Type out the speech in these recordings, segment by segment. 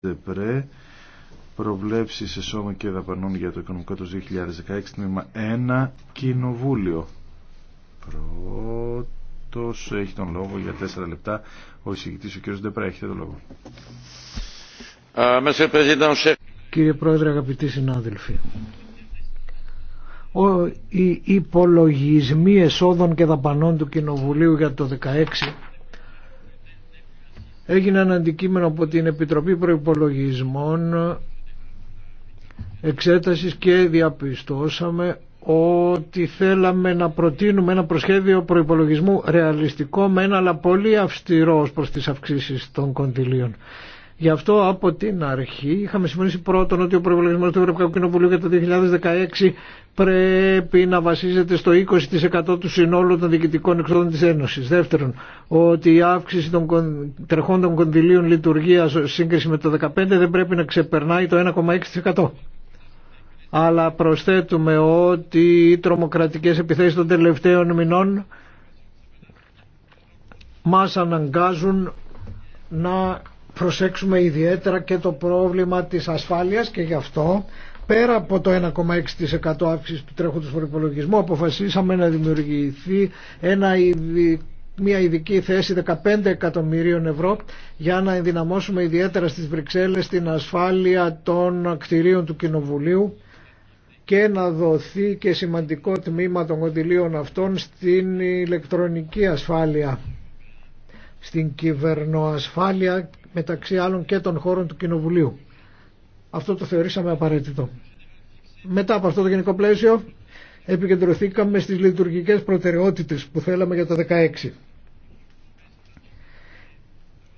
ΔΕΠΡΕ προβλέψεις σε σώμα και δαπανών για το οικονομικό του 2016 τμήμα 1 κοινοβούλιο πρώτος έχει τον λόγο για 4 λεπτά ο εισηγητής ο κ. ΔΕΠΡΕ έχετε τον λόγο ε, Κύριε Πρόεδρε αγαπητοί συνάδελφοι ο, οι υπολογισμοί εσόδων και δαπανών του Κοινοβουλίου για το 2016 ένα αντικείμενο από την Επιτροπή Προϋπολογισμών εξέτασης και διαπιστώσαμε ότι θέλαμε να προτείνουμε ένα προσχέδιο προϋπολογισμού ρεαλιστικό με ένα αλλά πολύ αυστηρό προς τις αυξήσεις των κοντιλίων. Γι' αυτό από την αρχή είχαμε συμφωνήσει πρώτον ότι ο προϋπολογισμός του Ευρωπαϊκού Κοινοβουλίου για το 2016 πρέπει να βασίζεται στο 20% του συνόλου των διοικητικών εξόδων της Ένωσης. Δεύτερον, ότι η αύξηση των τρεχών των κονδυλίων λειτουργίας σε σύγκριση με το 2015 δεν πρέπει να ξεπερνάει το 1,6% αλλά προσθέτουμε ότι οι τρομοκρατικές επιθέσεις των τελευταίων μηνών μας αναγκάζουν να προσέξουμε ιδιαίτερα και το πρόβλημα της ασφάλειας και γι' αυτό πέρα από το 1,6% αύξηση του τρέχοντος προπολογισμού αποφασίσαμε να δημιουργηθεί ένα μια ειδική θέση 15 εκατομμυρίων ευρώ για να ενδυναμώσουμε ιδιαίτερα στις Βρυξέλλες την ασφάλεια των κτηρίων του Κοινοβουλίου και να δοθεί και σημαντικό τμήμα των κοντιλίων αυτών στην ηλεκτρονική ασφάλεια στην κυβερνοασφάλεια μεταξύ άλλων και των χώρων του Κοινοβουλίου. Αυτό το θεωρήσαμε απαραίτητο. Μετά από αυτό το γενικό πλαίσιο επικεντρωθήκαμε στις λειτουργικές προτεραιότητες που θέλαμε για το 2016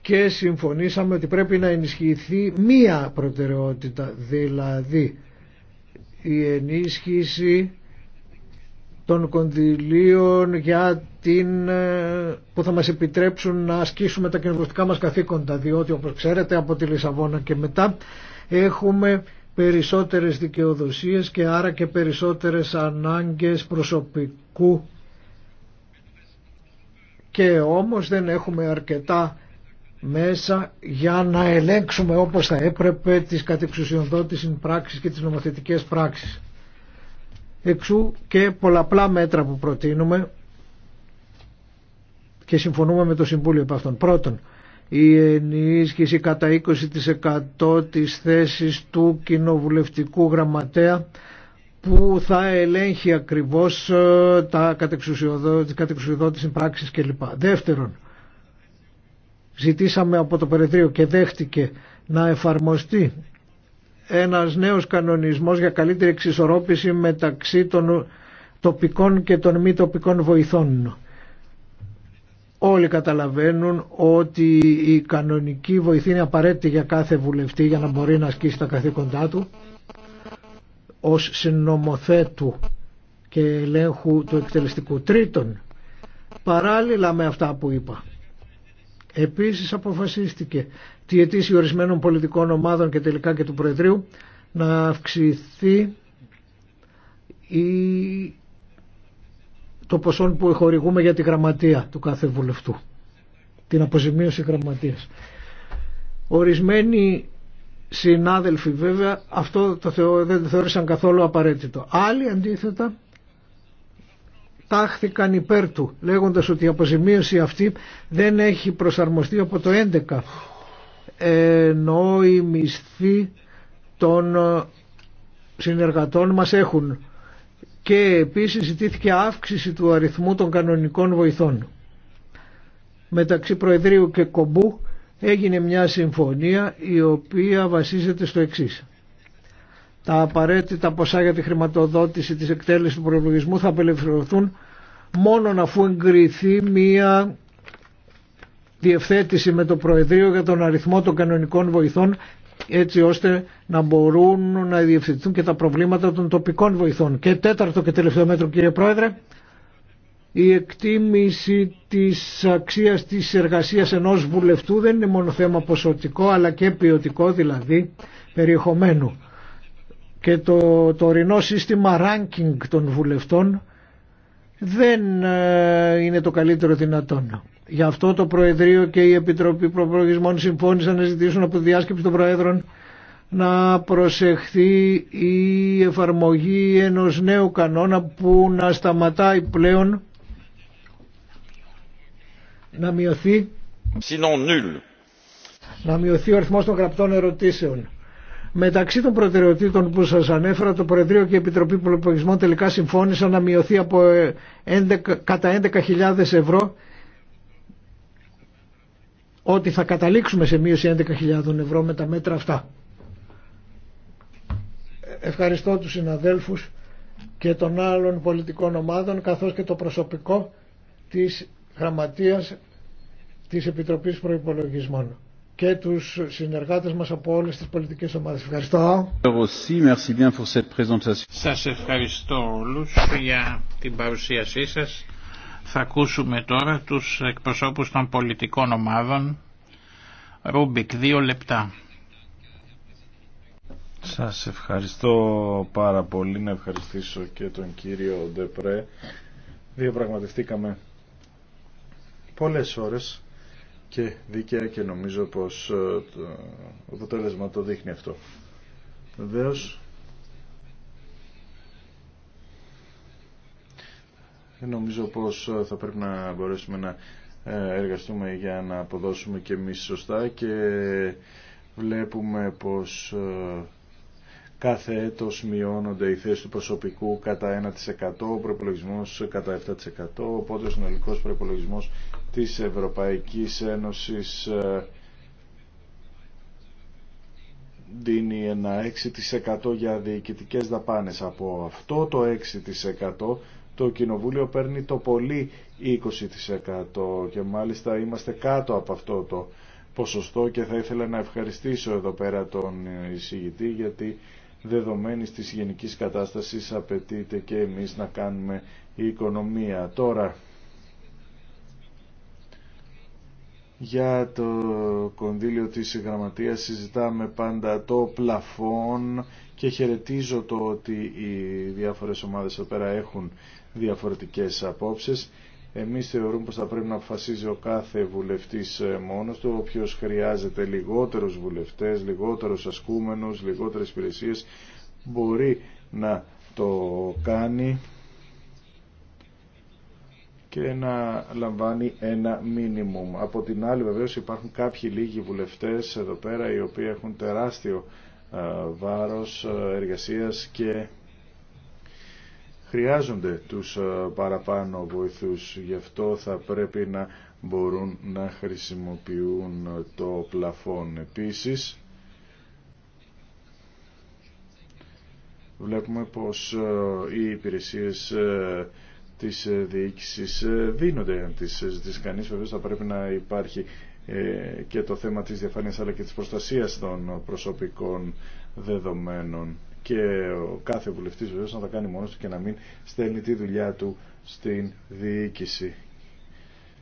και συμφωνήσαμε ότι πρέπει να ενισχυθεί μία προτεραιότητα, δηλαδή η ενίσχυση των κονδυλίων για την, ε, που θα μας επιτρέψουν να ασκήσουμε τα κοινοβουλευτικά μας καθήκοντα διότι όπως ξέρετε από τη Λισαβόνα και μετά έχουμε περισσότερες δικαιοδοσίες και άρα και περισσότερες ανάγκες προσωπικού και όμως δεν έχουμε αρκετά μέσα για να ελέγξουμε όπως θα έπρεπε τις κατεξουσιοδότησης πράξεις και τις νομοθετικές πράξεις. Εξού και πολλαπλά μέτρα που προτείνουμε και συμφωνούμε με το Συμβούλιο επ' αυτόν. Πρώτον, η ενίσχυση κατά 20% της θέσης του κοινοβουλευτικού γραμματέα που θα ελέγχει ακριβώς ε, τα κατεξουσιοδότηση πράξεις κλπ. Δεύτερον, ζητήσαμε από το περιθώριο και δέχτηκε να εφαρμοστεί ένας νέος κανονισμός για καλύτερη εξισορρόπηση μεταξύ των τοπικών και των μη τοπικών βοηθών. Όλοι καταλαβαίνουν ότι η κανονική βοηθή είναι απαραίτητη για κάθε βουλευτή για να μπορεί να ασκήσει τα καθήκοντά του ως συνομοθέτου και ελέγχου του εκτελεστικού. Τρίτον, παράλληλα με αυτά που είπα, Επίσης αποφασίστηκε τη αιτήση ορισμένων πολιτικών ομάδων και τελικά και του Προεδρείου να αυξηθεί η... το ποσό που χορηγούμε για τη γραμματεία του κάθε βουλευτού, την αποζημίωση γραμματείας. Ορισμένοι συνάδελφοι βέβαια αυτό το θεω... δεν το θεώρησαν καθόλου απαραίτητο. Άλλοι αντίθετα τάχθηκαν υπέρ του λέγοντας ότι η αποζημίωση αυτή δεν έχει προσαρμοστεί από το 11 ενώ οι μισθοί των συνεργατών μας έχουν και επίσης ζητήθηκε αύξηση του αριθμού των κανονικών βοηθών. Μεταξύ προεδρίου και Κομπού έγινε μια συμφωνία η οποία βασίζεται στο εξής. Τα απαραίτητα ποσά για τη χρηματοδότηση της εκτέλεσης του προλογισμού θα απελευθερωθούν μόνον αφού εγκριθεί μία διευθέτηση με το Προεδρείο για τον αριθμό των κανονικών βοηθών έτσι ώστε να μπορούν να διευθυνθούν και τα προβλήματα των τοπικών βοηθών. Και τέταρτο και τελευταίο μέτρο κύριε Πρόεδρε, η εκτίμηση της αξίας της εργασίας ενός βουλευτού δεν είναι μόνο θέμα ποσοτικό αλλά και ποιοτικό δηλαδή περιεχομένου και το τωρινό σύστημα ranking των βουλευτών δεν ε, είναι το καλύτερο δυνατόν. Γι' αυτό το Προεδρείο και η Επιτροπή Προπολογισμών συμφώνησαν να ζητήσουν από τη διάσκεψη των Προέδρων να προσεχθεί η εφαρμογή ενός νέου κανόνα που να σταματάει πλέον να μειωθεί, να μειωθεί ο αριθμός των γραπτών ερωτήσεων Μεταξύ των προτεραιοτήτων που σας ανέφερα, το Προεδρείο και η Επιτροπή Προπολογισμών τελικά συμφώνησαν να μειωθεί από 11, ε, κατά 11.000 ευρώ ότι θα καταλήξουμε σε μείωση 11.000 ευρώ με τα μέτρα αυτά. Ευχαριστώ τους συναδέλφους και των άλλων πολιτικών ομάδων καθώς και το προσωπικό της Γραμματείας της Επιτροπής Προϋπολογισμών και τους συνεργάτες μας από όλες τις πολιτικές ομάδες. Ευχαριστώ. Σας ευχαριστώ όλους για την παρουσίασή σας. Θα ακούσουμε τώρα τους εκπροσώπους των πολιτικών ομάδων. Ρούμπικ, δύο λεπτά. Σας ευχαριστώ πάρα πολύ. Να ευχαριστήσω και τον κύριο Ντεπρέ. Διαπραγματευτήκαμε πολλές ώρες και δίκαια και νομίζω πως ε, το αποτέλεσμα το δείχνει αυτό. Βεβαίω. Νομίζω πως ε, θα πρέπει να μπορέσουμε να ε, εργαστούμε για να αποδώσουμε και εμείς σωστά και βλέπουμε πως Κάθε έτος μειώνονται οι θέσεις του προσωπικού κατά 1%, ο προϋπολογισμός κατά 7%, οπότε ο συνολικός προϋπολογισμός της Ευρωπαϊκής Ένωσης ε, δίνει ένα 6% για διοικητικές δαπάνες. Από αυτό το 6% το Κοινοβούλιο παίρνει το πολύ 20% και μάλιστα είμαστε κάτω από αυτό το ποσοστό και θα ήθελα να ευχαριστήσω εδώ πέρα τον εισηγητή γιατί δεδομένης της γενικής κατάστασης απαιτείται και εμείς να κάνουμε η οικονομία. Τώρα, για το κονδύλιο της γραμματείας συζητάμε πάντα το πλαφόν και χαιρετίζω το ότι οι διάφορες ομάδες εδώ πέρα έχουν διαφορετικές απόψεις. Εμείς θεωρούμε πως θα πρέπει να αποφασίζει ο κάθε βουλευτής ε, μόνος του, οποίος χρειάζεται λιγότερους βουλευτές, λιγότερους ασκούμενους, λιγότερες υπηρεσίες, μπορεί να το κάνει και να λαμβάνει ένα μίνιμουμ. Από την άλλη βεβαίως υπάρχουν κάποιοι λίγοι βουλευτές εδώ πέρα οι οποίοι έχουν τεράστιο ε, βάρος ε, εργασίας και χρειάζονται τους ε, παραπάνω βοηθούς. Γι' αυτό θα πρέπει να μπορούν να χρησιμοποιούν ε, το πλαφόν. Επίσης, βλέπουμε πως ε, οι υπηρεσίες της διοίκησης δίνονται αν τις ζητήσει κανείς. θα πρέπει να υπάρχει και το θέμα της διαφάνειας αλλά και της προστασίας των προσωπικών δεδομένων και ο κάθε βουλευτής βεβαίω να τα κάνει μόνος του και να μην στέλνει τη δουλειά του στην διοίκηση.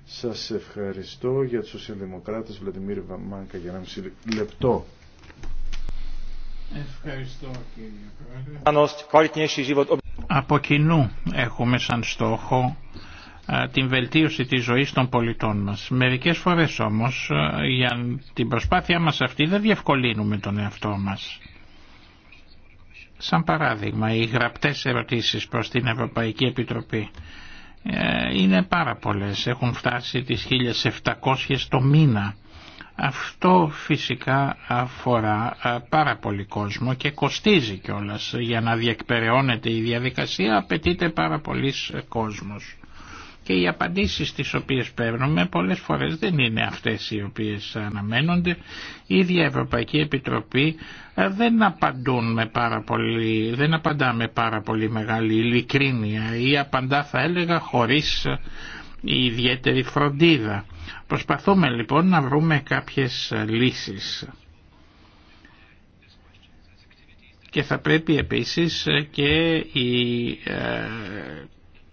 Σας ευχαριστώ για τους Σοσιαλδημοκράτε, Βλαντιμίρ Βαμάνκα για ένα μισή λεπτό. Ευχαριστώ κύριε Πρόεδρε. Από κοινού έχουμε σαν στόχο την βελτίωση της ζωής των πολιτών μας. Μερικές φορές όμως για την προσπάθειά μας αυτή δεν διευκολύνουμε τον εαυτό μας. Σαν παράδειγμα, οι γραπτές ερωτήσεις προς την Ευρωπαϊκή Επιτροπή ε, είναι πάρα πολλές, έχουν φτάσει τις 1700 το μήνα. Αυτό φυσικά αφορά ε, πάρα πολύ κόσμο και κοστίζει κιόλας. Για να διεκπεραιώνεται η διαδικασία απαιτείται πάρα πολύς ε, κόσμος και οι απαντήσεις τις οποίες παίρνουμε πολλές φορές δεν είναι αυτές οι οποίες αναμένονται. Η ίδια Ευρωπαϊκή Επιτροπή ε, δεν, απαντούν με πάρα πολύ, δεν απαντά με πάρα πολύ μεγάλη ειλικρίνεια ή απαντά θα έλεγα χωρίς ε, ιδιαίτερη φροντίδα. Προσπαθούμε λοιπόν να βρούμε κάποιες ε, λύσεις. Και θα πρέπει επίσης και οι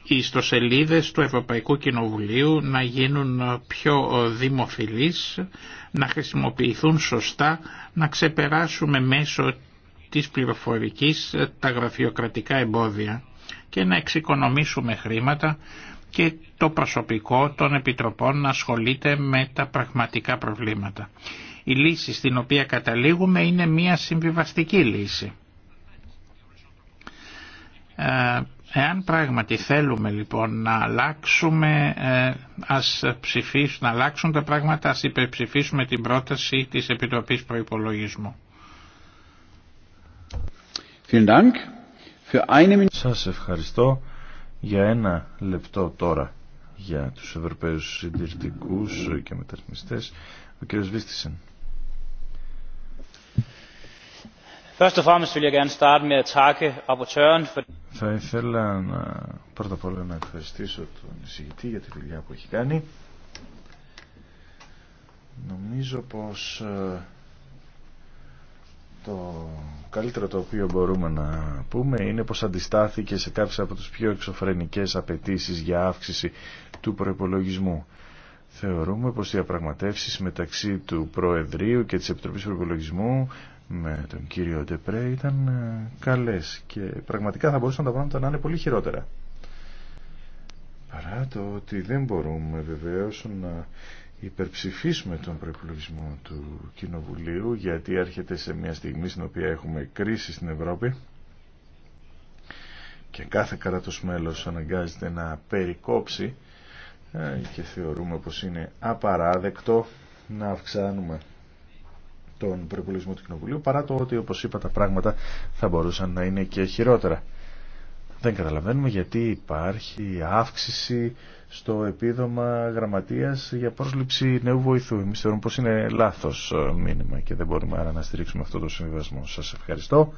οι ιστοσελίδες του Ευρωπαϊκού Κοινοβουλίου να γίνουν πιο ε, δημοφιλείς, να χρησιμοποιηθούν σωστά, να ξεπεράσουμε μέσω της πληροφορικής ε, τα γραφειοκρατικά εμπόδια και να εξοικονομήσουμε χρήματα και το προσωπικό των επιτροπών να ασχολείται με τα πραγματικά προβλήματα. Η λύση στην οποία καταλήγουμε είναι μια συμβιβαστική λύση ε, Εάν πράγματι θέλουμε λοιπόν να αλλάξουμε, ε, ας να αλλάξουν τα πράγματα, ας υπερψηφίσουμε την πρόταση της Επιτροπής Προϋπολογισμού. Σας ευχαριστώ για ένα λεπτό τώρα για τους Ευρωπαίους συντηρητικούς και μεταρρυθμιστές, ο κ. Βίστησεν. Θα ήθελα να, πρώτα απ' όλα να ευχαριστήσω τον εισηγητή για τη δουλειά που έχει κάνει. Νομίζω πως ε, το καλύτερο το οποίο μπορούμε να πούμε είναι πως αντιστάθηκε σε κάποιες από τις πιο εξωφρενικές απαιτήσεις για αύξηση του προϋπολογισμού. Θεωρούμε πως οι απραγματεύσεις μεταξύ του προεδρίου και της Επιτροπής Προπολογισμού με τον κύριο Ντεπρέ ήταν ε, καλές και πραγματικά θα μπορούσαν τα πράγματα να είναι πολύ χειρότερα. Παρά το ότι δεν μπορούμε βεβαίως να υπερψηφίσουμε τον προπολογισμό του Κοινοβουλίου γιατί έρχεται σε μια στιγμή στην οποία έχουμε κρίση στην Ευρώπη και κάθε κράτος μέλος αναγκάζεται να περικόψει ε, και θεωρούμε πως είναι απαράδεκτο να αυξάνουμε τον προπολογισμό του Κοινοβουλίου παρά το ότι όπως είπα τα πράγματα θα μπορούσαν να είναι και χειρότερα. Δεν καταλαβαίνουμε γιατί υπάρχει αύξηση στο επίδομα γραμματείας για πρόσληψη νέου βοηθού. Εμείς θεωρούμε πως είναι λάθος μήνυμα και δεν μπορούμε άρα να στηρίξουμε αυτό το συμβιβασμό. Σας ευχαριστώ.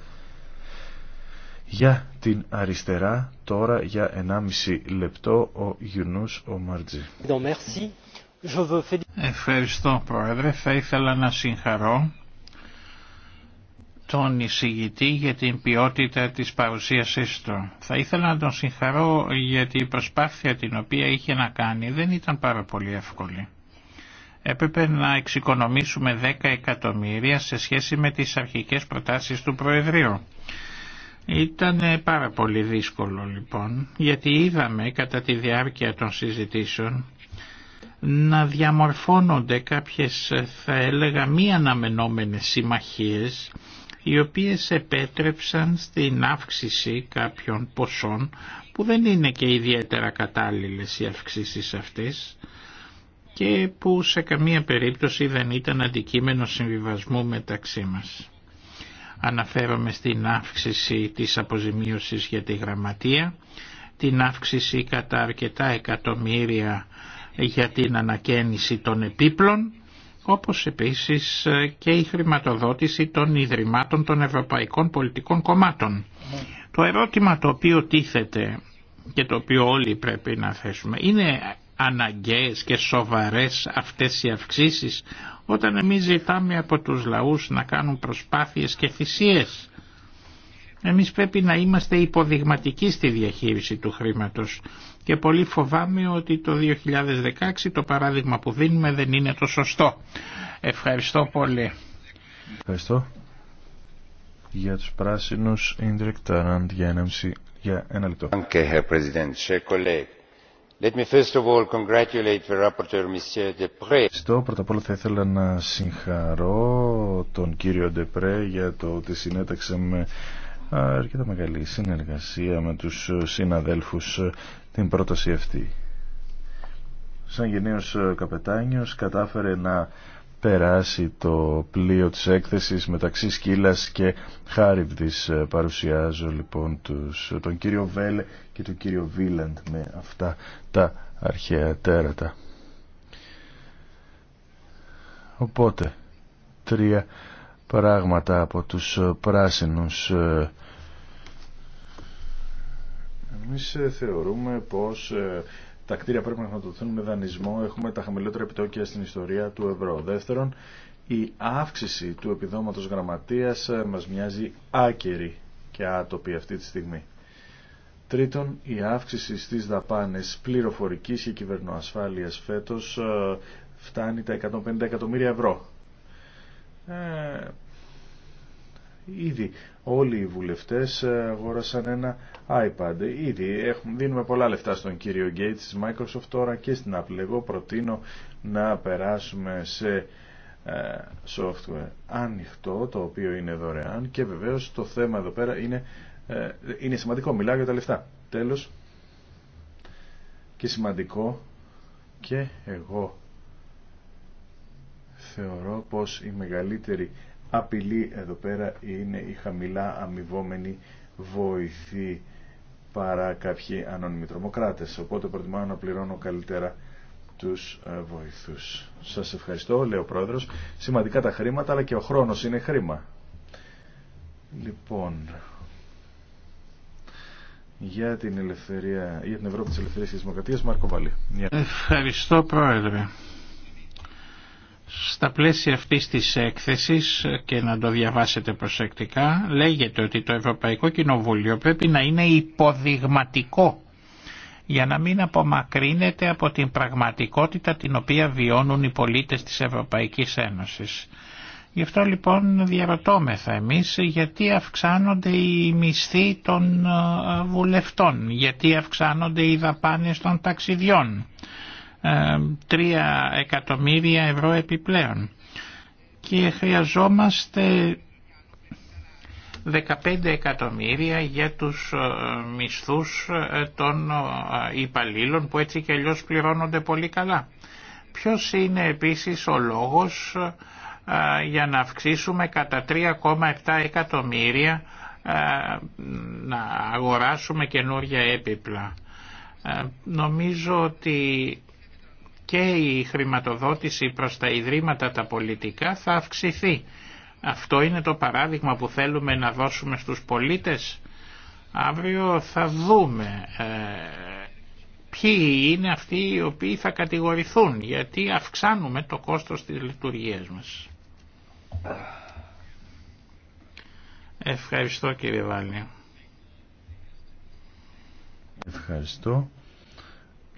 Για την αριστερά, τώρα για 1,5 λεπτό, ο Γιουνούς ο Μαρτζή. Ευχαριστώ Πρόεδρε. Θα ήθελα να συγχαρώ τον εισηγητή για την ποιότητα της παρουσίασής του. Θα ήθελα να τον συγχαρώ γιατί η προσπάθεια την οποία είχε να κάνει δεν ήταν πάρα πολύ εύκολη. Έπρεπε να εξοικονομήσουμε 10 εκατομμύρια σε σχέση με τις αρχικές προτάσεις του Προεδρείου. Ήταν πάρα πολύ δύσκολο λοιπόν, γιατί είδαμε κατά τη διάρκεια των συζητήσεων να διαμορφώνονται κάποιες θα έλεγα μη αναμενόμενες συμμαχίες οι οποίες επέτρεψαν στην αύξηση κάποιων ποσών που δεν είναι και ιδιαίτερα κατάλληλες οι αυξήσεις αυτές και που σε καμία περίπτωση δεν ήταν αντικείμενο συμβιβασμού μεταξύ μας. Αναφέρομαι στην αύξηση της αποζημίωσης για τη γραμματεία, την αύξηση κατά αρκετά εκατομμύρια για την ανακαίνιση των επίπλων, όπως επίσης και η χρηματοδότηση των Ιδρυμάτων των Ευρωπαϊκών Πολιτικών Κομμάτων. Το ερώτημα το οποίο τίθεται και το οποίο όλοι πρέπει να θέσουμε είναι αναγκαίες και σοβαρές αυτές οι αυξήσεις όταν εμείς ζητάμε από τους λαούς να κάνουν προσπάθειες και θυσίες. Εμείς πρέπει να είμαστε υποδειγματικοί στη διαχείριση του χρήματος και πολύ φοβάμαι ότι το 2016 το παράδειγμα που δίνουμε δεν είναι το σωστό. Ευχαριστώ πολύ. Ευχαριστώ. Για τους πράσινους, Ινδρικ Ταραντ, για ένα, στο πρώτα απ' όλα θα ήθελα να συγχαρώ τον κύριο Ντεπρέ για το ότι συνέταξε με αρκετά μεγάλη συνεργασία με τους συναδέλφους ε, την πρόταση αυτή. Σαν γενναίος ε, καπετάνιος κατάφερε να περάσει το πλοίο της έκθεσης μεταξύ Σκύλας και Χάριβδης. Ε, παρουσιάζω λοιπόν τους, ε, τον κύριο Βέλε και τον κύριο Βίλαντ με αυτά τα αρχαία τέρατα. Οπότε, τρία πράγματα από τους ε, πράσινους. Εμείς θεωρούμε πως τα κτίρια πρέπει να χρηματοδοτηθούν με δανεισμό. Έχουμε τα χαμηλότερα επιτόκια στην ιστορία του ευρώ. Δεύτερον, η αύξηση του επιδόματος γραμματεία ε, μα μοιάζει άκερη και άτοπη αυτή τη στιγμή. Τρίτον, η αύξηση στις δαπάνες πληροφορικής και κυβερνοασφάλειας φέτος ε, φτάνει τα 150 εκατομμύρια ευρώ. Ε, Ήδη όλοι οι βουλευτές ε, αγόρασαν ένα iPad. Ήδη έχουμε, δίνουμε πολλά λεφτά στον κύριο Gates της Microsoft τώρα και στην Apple. Εγώ προτείνω να περάσουμε σε ε, software ανοιχτό, το οποίο είναι δωρεάν και βεβαίως το θέμα εδώ πέρα είναι, ε, είναι σημαντικό. Μιλάω για τα λεφτά. Τέλος και σημαντικό και εγώ θεωρώ πως η μεγαλύτερη απειλή εδώ πέρα είναι η χαμηλά αμοιβόμενη βοηθή παρά κάποιοι ανώνυμοι τρομοκράτες. Οπότε προτιμάω να πληρώνω καλύτερα τους ε, βοηθούς. Σας ευχαριστώ, λέει ο Πρόεδρος. Σημαντικά τα χρήματα, αλλά και ο χρόνος είναι χρήμα. Λοιπόν, για την, ελευθερία, για την Ευρώπη της Ελευθερίας και της Δημοκρατίας, Μάρκο Βαλή. Ευχαριστώ, Πρόεδρε. Στα πλαίσια αυτής της έκθεσης και να το διαβάσετε προσεκτικά λέγεται ότι το Ευρωπαϊκό Κοινοβούλιο πρέπει να είναι υποδειγματικό για να μην απομακρύνεται από την πραγματικότητα την οποία βιώνουν οι πολίτες της Ευρωπαϊκής Ένωσης. Γι' αυτό λοιπόν διαρωτώμεθα εμείς γιατί αυξάνονται οι μισθοί των ε, βουλευτών, γιατί αυξάνονται οι δαπάνες των ταξιδιών 3 ε, εκατομμύρια ευρώ επιπλέον και χρειαζόμαστε 15 εκατομμύρια για τους ε, μισθούς ε, των υπαλλήλων που έτσι και αλλιώς πληρώνονται πολύ καλά. Ποιος είναι επίσης ο λόγος για να αυξήσουμε κατά 3,7 εκατομμύρια να αγοράσουμε καινούργια έπιπλα. Νομίζω ότι και η χρηματοδότηση προς τα ιδρύματα τα πολιτικά θα αυξηθεί. Αυτό είναι το παράδειγμα που θέλουμε να δώσουμε στους πολίτες. Αύριο θα δούμε ε, ποιοι είναι αυτοί οι οποίοι θα κατηγορηθούν γιατί αυξάνουμε το κόστος της λειτουργίας μας. Ευχαριστώ κύριε Βάλια. Ευχαριστώ.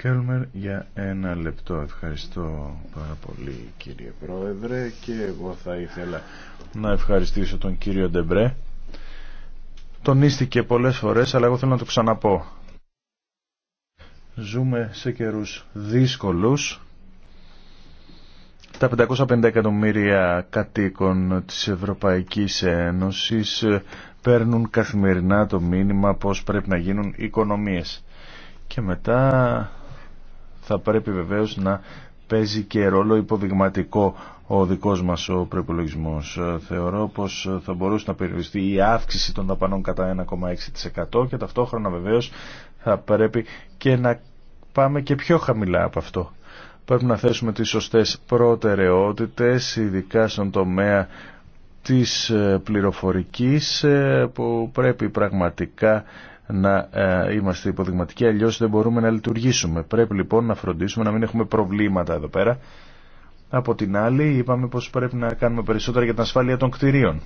Κέλμερ για ένα λεπτό. Ευχαριστώ πάρα πολύ κύριε Πρόεδρε και εγώ θα ήθελα να ευχαριστήσω τον κύριο Ντεμπρέ. Τονίστηκε πολλές φορές αλλά εγώ θέλω να το ξαναπώ. Ζούμε σε καιρούς δύσκολους. Τα 550 εκατομμύρια κατοίκων της Ευρωπαϊκής Ένωσης παίρνουν καθημερινά το μήνυμα πως πρέπει να γίνουν οικονομίες. Και μετά θα πρέπει βεβαίως να παίζει και ρόλο υποδειγματικό ο δικός μας ο προϋπολογισμός. Θεωρώ πως θα μπορούσε να περιοριστεί η αύξηση των δαπανών κατά 1,6% και ταυτόχρονα βεβαίως θα πρέπει και να πάμε και πιο χαμηλά από αυτό. Πρέπει να θέσουμε τις σωστές προτεραιότητες, ειδικά στον τομέα της πληροφορικής που πρέπει πραγματικά να ε, είμαστε υποδειγματικοί, αλλιώς δεν μπορούμε να λειτουργήσουμε. Πρέπει λοιπόν να φροντίσουμε να μην έχουμε προβλήματα εδώ πέρα. Από την άλλη είπαμε πως πρέπει να κάνουμε περισσότερα για την ασφάλεια των κτηρίων.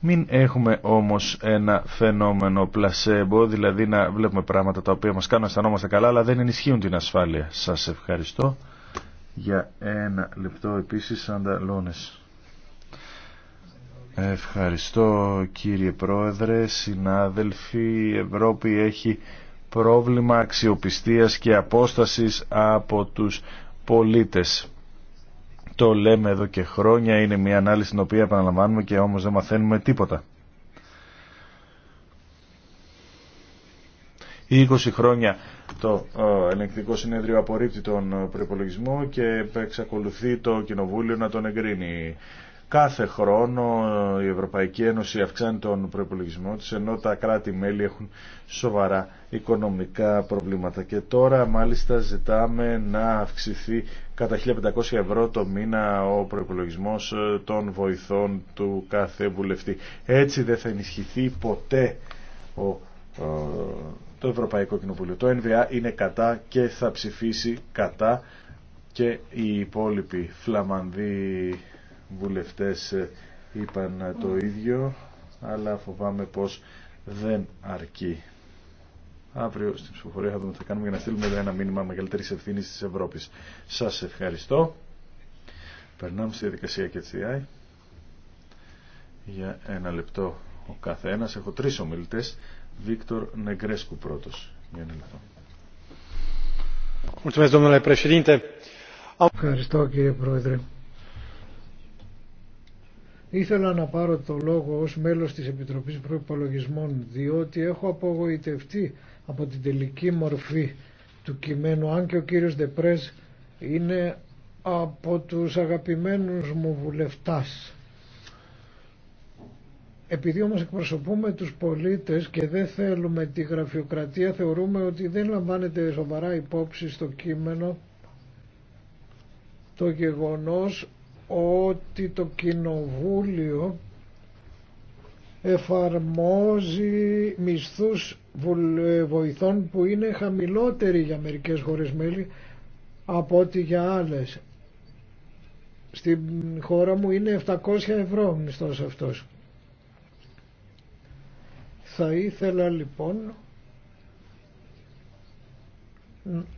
Μην έχουμε όμως ένα φαινόμενο πλασέμπο, δηλαδή να βλέπουμε πράγματα τα οποία μας κάνουν να αισθανόμαστε καλά, αλλά δεν ενισχύουν την ασφάλεια. Σα ευχαριστώ. Για ένα λεπτό επίση, Ευχαριστώ κύριε Πρόεδρε, συνάδελφοι. Η Ευρώπη έχει πρόβλημα αξιοπιστίας και απόστασης από τους πολίτες. Το λέμε εδώ και χρόνια, είναι μια ανάλυση την οποία επαναλαμβάνουμε και όμως δεν μαθαίνουμε τίποτα. 20 χρόνια το ελεγκτικό συνέδριο απορρίπτει τον ε, προπολογισμό και εξακολουθεί το κοινοβούλιο να τον εγκρίνει. Κάθε χρόνο η Ευρωπαϊκή Ένωση αυξάνει τον προπολογισμό της, ενώ τα κράτη-μέλη έχουν σοβαρά οικονομικά προβλήματα. Και τώρα μάλιστα ζητάμε να αυξηθεί κατά 1.500 ευρώ το μήνα ο προϋπολογισμός ε, των βοηθών του κάθε βουλευτή. Έτσι δεν θα ενισχυθεί ποτέ ο, ε, το Ευρωπαϊκό Κοινοβούλιο. Το NVA είναι κατά και θα ψηφίσει κατά και οι υπόλοιποι Φλαμανδοί βουλευτές ε, είπαν ε, το ίδιο, αλλά φοβάμαι πως δεν αρκεί. Αύριο στην ψηφοφορία θα δούμε τι θα κάνουμε για να στείλουμε ένα μήνυμα μεγαλύτερη ευθύνη της Ευρώπης. Σας ευχαριστώ. Περνάμε στη διαδικασία και HDI. Για ένα λεπτό ο καθένας. Έχω τρεις ομιλητές. Βίκτορ Νεγκρέσκου πρώτος. Για Ευχαριστώ κύριε Πρόεδρε. Ήθελα να πάρω το λόγο ως μέλος της Επιτροπής Προϋπολογισμών διότι έχω απογοητευτεί από την τελική μορφή του κειμένου αν και ο κύριος Δεπρές είναι από τους αγαπημένους μου βουλευτάς. Επειδή όμως εκπροσωπούμε τους πολίτες και δεν θέλουμε τη γραφειοκρατία θεωρούμε ότι δεν λαμβάνεται σοβαρά υπόψη στο κείμενο το γεγονός ότι το Κοινοβούλιο εφαρμόζει μισθούς ε, βοηθών που είναι χαμηλότεροι για μερικές χώρες μέλη από ό,τι για άλλες. Στην χώρα μου είναι 700 ευρώ μισθός αυτός. Θα ήθελα λοιπόν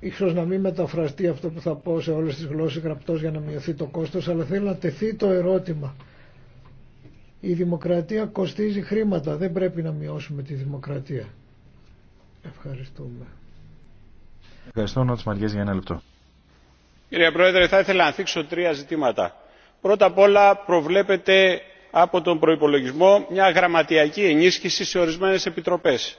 ίσως να μην μεταφραστεί αυτό που θα πω σε όλες τις γλώσσες γραπτό για να μειωθεί το κόστος, αλλά θέλω να τεθεί το ερώτημα. Η δημοκρατία κοστίζει χρήματα, δεν πρέπει να μειώσουμε τη δημοκρατία. Ευχαριστούμε. Ευχαριστώ, Νότς Μαριές, για ένα λεπτό. Κύριε Πρόεδρε, θα ήθελα να θίξω τρία ζητήματα. Πρώτα απ' όλα προβλέπεται από τον προϋπολογισμό μια γραμματιακή ενίσχυση σε ορισμένες επιτροπές.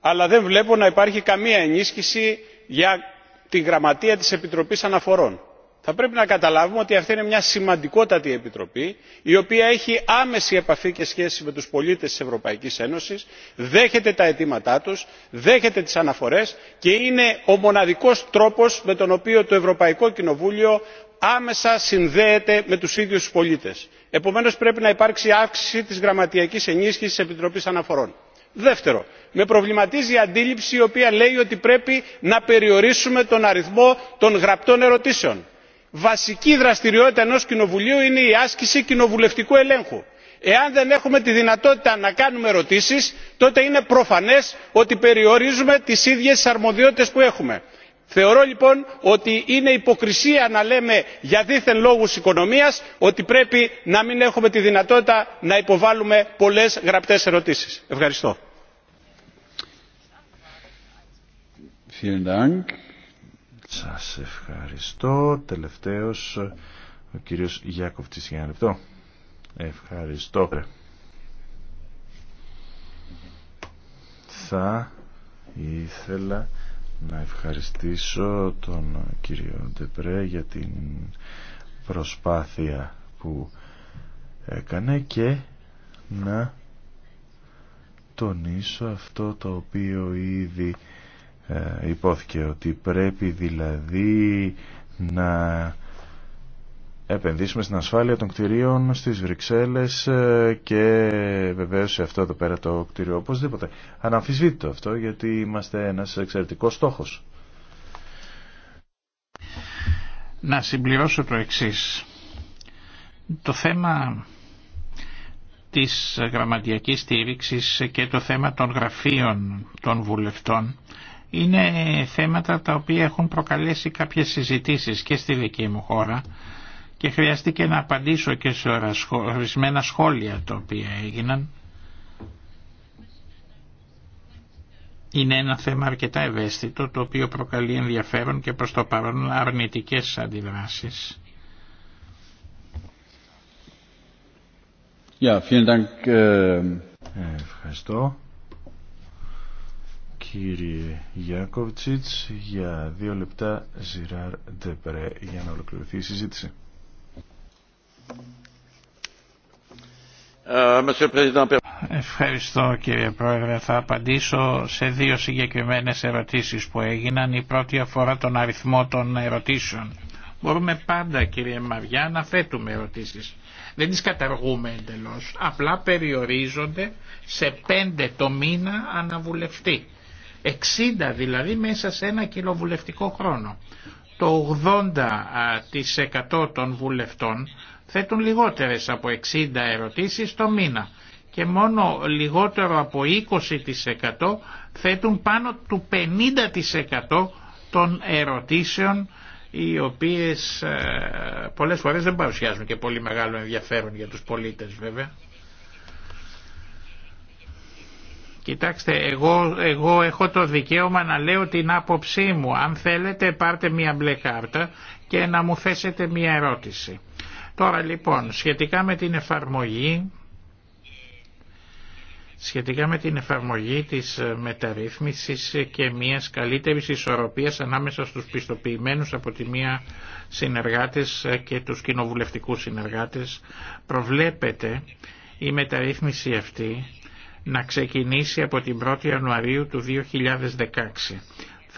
Αλλά δεν βλέπω να υπάρχει καμία ενίσχυση για τη γραμματεία της επιτροπής αναφορών. θα πρέπει να καταλάβουμε ότι αυτή είναι μια σημαντικότατη επιτροπή η οποία έχει άμεση επαφή και σχέση με τους πολίτες της ευρωπαϊκής ένωσης δέχεται τα αιτήματά τους δέχεται τις αναφορές και είναι ο μοναδικός τρόπος με τον οποίο το ευρωπαϊκό κοινοβούλιο άμεσα συνδέεται με τους ίδιους πολίτες. επομένως πρέπει να υπάρξει αύξηση της γραμματιακής ενίσχυσης της επιτροπής αναφορών δεύτερο με προβληματίζει η αντίληψη η οποία λέει ότι πρέπει να περιορίσουμε τον αριθμό των γραπτών ερωτήσεων. βασική δραστηριότητα ενός κοινοβουλίου είναι η άσκηση κοινοβουλευτικού ελέγχου. εάν δεν έχουμε τη δυνατότητα να κάνουμε ερωτήσεις τότε είναι προφανές ότι περιορίζουμε τις ίδιες τις αρμοδιότητες που έχουμε θεωρώ λοιπόν ότι είναι υποκρισία να λέμε για δίθεν λόγους οικονομίας ότι πρέπει να μην έχουμε τη δυνατότητα να υποβάλουμε πολλές γραπτές ερωτήσεις. ευχαριστώ. ευχαριστώ. Τελευταίος κύριος να ευχαριστήσω τον κύριο Ντεπρέ για την προσπάθεια που έκανε και να τονίσω αυτό το οποίο ήδη ε, υπόθηκε ότι πρέπει δηλαδή να επενδύσουμε στην ασφάλεια των κτηρίων στις Βρυξέλλες ε, και βεβαίως σε αυτό εδώ πέρα το κτήριο οπωσδήποτε. Αναμφισβήτητο αυτό γιατί είμαστε ένας εξαιρετικός στόχος. Να συμπληρώσω το εξής. Το θέμα της γραμματιακής στήριξης και το θέμα των γραφείων των βουλευτών είναι θέματα τα οποία έχουν προκαλέσει κάποιες συζητήσεις και στη δική μου χώρα και χρειαστήκε να απαντήσω και σε ορισμένα σχόλια τα οποία έγιναν. Είναι ένα θέμα αρκετά ευαίσθητο το οποίο προκαλεί ενδιαφέρον και προς το παρόν αρνητικές αντιδράσεις. Ja, vielen Dank. Ε, Ευχαριστώ κύριε Γιάκοβτσιτς για δύο λεπτά Ζιράρ Ντεπρέ για να ολοκληρωθεί η συζήτηση. Ε, Ευχαριστώ κύριε Πρόεδρε. Θα απαντήσω σε δύο συγκεκριμένες ερωτήσεις που έγιναν. Η πρώτη αφορά τον αριθμό των ερωτήσεων. Μπορούμε πάντα κύριε Μαριά να θέτουμε ερωτήσεις. Δεν τις καταργούμε εντελώς. Απλά περιορίζονται σε πέντε το μήνα αναβουλευτή. 60 δηλαδή μέσα σε ένα κοινοβουλευτικό χρόνο. Το 80% ε, των βουλευτών θέτουν λιγότερες από 60 ερωτήσεις το μήνα και μόνο λιγότερο από 20% θέτουν πάνω του 50% των ερωτήσεων οι οποίες ε, πολλές φορές δεν παρουσιάζουν και πολύ μεγάλο ενδιαφέρον για τους πολίτες βέβαια. Κοιτάξτε, εγώ, εγώ έχω το δικαίωμα να λέω την άποψή μου. Αν θέλετε πάρτε μια μπλε κάρτα και να μου θέσετε μια ερώτηση. Τώρα λοιπόν, σχετικά με την εφαρμογή σχετικά με την εφαρμογή της ε, μεταρρύθμισης και μιας καλύτερης ισορροπίας ανάμεσα στους πιστοποιημένους από τη μία συνεργάτες ε, και τους κοινοβουλευτικούς συνεργάτες προβλέπεται η μεταρρύθμιση αυτή να ξεκινήσει από την 1η Ιανουαρίου του 2016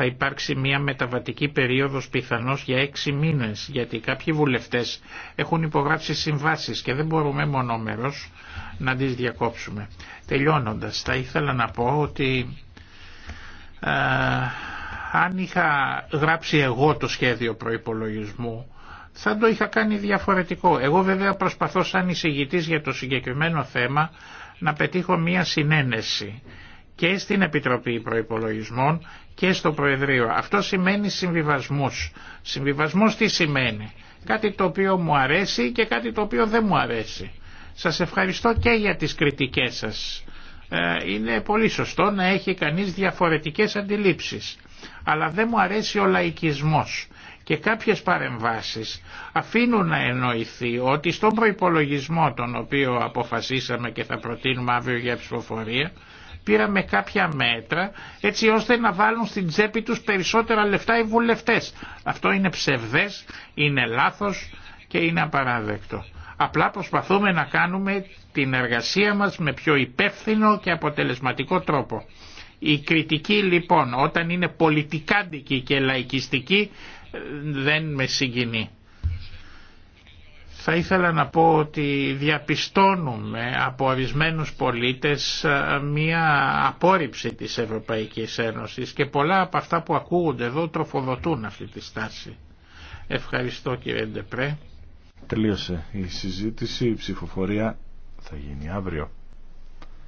θα υπάρξει μια μεταβατική περίοδος πιθανώς για έξι μήνες γιατί κάποιοι βουλευτές έχουν υπογράψει συμβάσεις και δεν μπορούμε μονομερός να τις διακόψουμε. Τελειώνοντας θα ήθελα να πω ότι ε, αν είχα γράψει εγώ το σχέδιο προϋπολογισμού θα το είχα κάνει διαφορετικό. Εγώ βέβαια προσπαθώ σαν εισηγητής για το συγκεκριμένο θέμα να πετύχω μία συνένεση και στην Επιτροπή Προϋπολογισμών και στο Προεδρείο. Αυτό σημαίνει συμβιβασμούς. Συμβιβασμός τι σημαίνει. Κάτι το οποίο μου αρέσει και κάτι το οποίο δεν μου αρέσει. Σας ευχαριστώ και για τις κριτικές σας. Ε, είναι πολύ σωστό να έχει κανείς διαφορετικές αντιλήψεις. Αλλά δεν μου αρέσει ο λαϊκισμός και κάποιες παρεμβάσεις αφήνουν να εννοηθεί ότι στον προϋπολογισμό τον οποίο αποφασίσαμε και θα προτείνουμε αύριο για ψηφοφορία πήραμε κάποια μέτρα έτσι ώστε να βάλουν στην τσέπη τους περισσότερα λεφτά οι βουλευτές. Αυτό είναι ψευδές, είναι λάθος και είναι απαράδεκτο. Απλά προσπαθούμε να κάνουμε την εργασία μας με πιο υπεύθυνο και αποτελεσματικό τρόπο. Η κριτική λοιπόν όταν είναι πολιτικάντικη και λαϊκιστική ε, δεν με συγκινεί. Θα ήθελα να πω ότι διαπιστώνουμε από ορισμένου πολίτες ε, μία απόρριψη της Ευρωπαϊκής Ένωσης και πολλά από αυτά που ακούγονται εδώ τροφοδοτούν αυτή τη στάση. Ευχαριστώ κύριε Ντεπρέ. Τελείωσε η συζήτηση, η ψηφοφορία θα γίνει αύριο.